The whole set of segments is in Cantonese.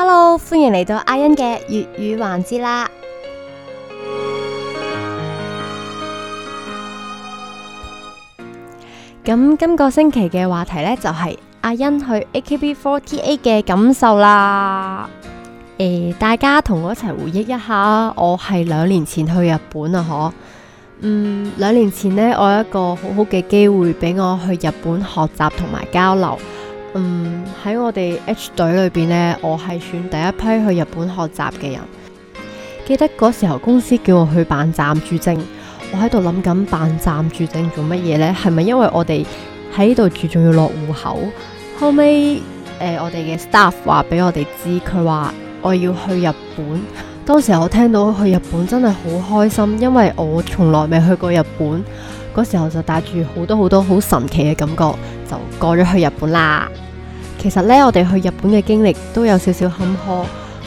Hello，歡迎嚟到阿欣嘅粵語環節啦。咁今個星期嘅話題呢，就係阿欣去 AKB48 嘅感受啦。誒，大家同我一齊回憶一下，我係兩年前去日本啊，嗬。嗯，兩年前呢，我有一個好好嘅機會俾我去日本學習同埋交流。嗯，喺我哋 H 隊裏邊呢，我係選第一批去日本學習嘅人。記得嗰時候公司叫我去辦暫住證，我喺度諗緊辦暫住證做乜嘢呢？係咪因為我哋喺度住仲要落戶口？後尾，呃，我哋嘅 staff 話俾我哋知，佢話我要去日本。當時我聽到去日本真係好開心，因為我從來未去過日本。嗰時候就帶住好多好多好神奇嘅感覺，就過咗去日本啦。其實呢，我哋去日本嘅經歷都有少少坎坷，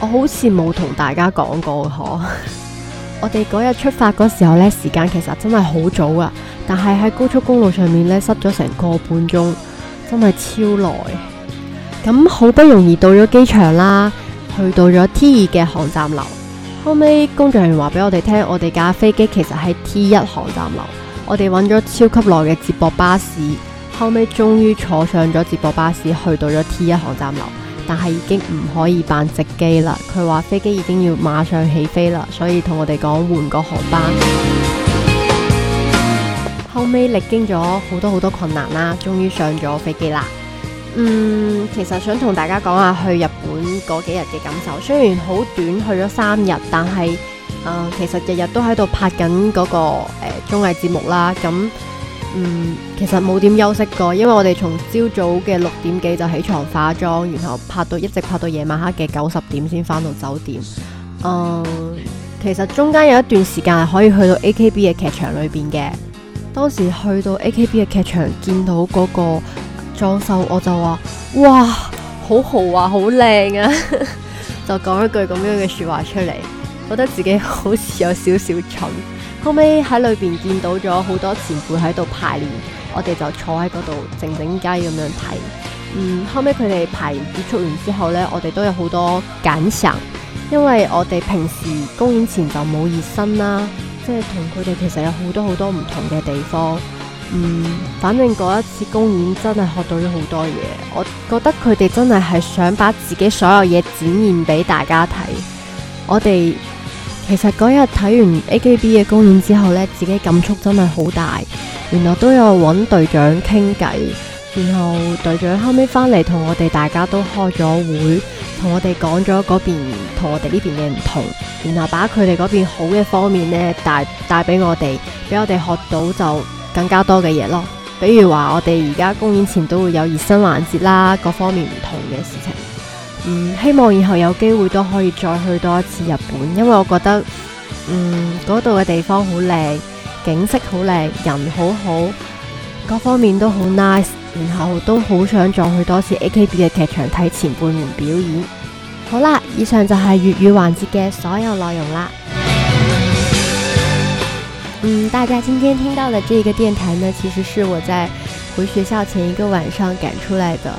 我好似冇同大家講過，嗬。 我哋嗰日出發嗰時候呢，時間其實真係好早啊，但係喺高速公路上面呢，塞咗成個半鐘，真係超耐。咁好不容易到咗機場啦，去到咗 T 二嘅航站樓，後尾工作人員話俾我哋聽，我哋架飛機其實喺 T 一航站樓。我哋搵咗超級耐嘅接駁巴士，後尾終於坐上咗接駁巴士去到咗 T 一航站樓，但係已經唔可以辦值機啦。佢話飛機已經要馬上起飛啦，所以同我哋講換個航班。 後尾歷經咗好多好多困難啦，終於上咗飛機啦。嗯，其實想同大家講下去日本嗰幾日嘅感受，雖然好短去咗三日，但係、呃，其實日日都喺度拍緊、那、嗰個、欸綜藝節目啦，咁嗯，其實冇點休息過，因為我哋從朝早嘅六點幾就起床化妝，然後拍到一直拍到夜晚黑嘅九十點先翻到酒店。嗯，其實中間有一段時間係可以去到 AKB 嘅劇場裏邊嘅，當時去到 AKB 嘅劇場見到嗰個裝修，我就話：哇，好豪華，好靚啊！ 就講一句咁樣嘅說話出嚟，覺得自己好似有少少蠢。後尾喺裏邊見到咗好多前輩喺度排練，我哋就坐喺嗰度靜靜雞咁樣睇。嗯，後尾佢哋排完結束完之後呢，我哋都有好多感想，因為我哋平時公演前就冇熱身啦，即係同佢哋其實有好多好多唔同嘅地方。嗯，反正嗰一次公演真係學到咗好多嘢，我覺得佢哋真係係想把自己所有嘢展現俾大家睇。我哋。其實嗰日睇完 AKB 嘅公演之後呢，自己感觸真係好大。原來都有揾隊長傾偈，然後隊長後尾返嚟同我哋大家都開咗會，同我哋講咗嗰邊同我哋呢邊嘅唔同，然後把佢哋嗰邊好嘅方面呢帶帶俾我哋，俾我哋學到就更加多嘅嘢咯。比如話我哋而家公演前都會有熱身環節啦，各方面唔同嘅事情。嗯，希望以後有機會都可以再去多一次日本，因為我覺得嗯嗰度嘅地方好靚，景色好靚，人好好，各方面都好 nice，然後都好想再去多次 AKB 嘅劇場睇前輩們表演。好啦，以上就係粵語環節嘅所有內容啦。嗯，大家今天聽到嘅呢個電台呢，其實是我在回學校前一個晚上趕出來的。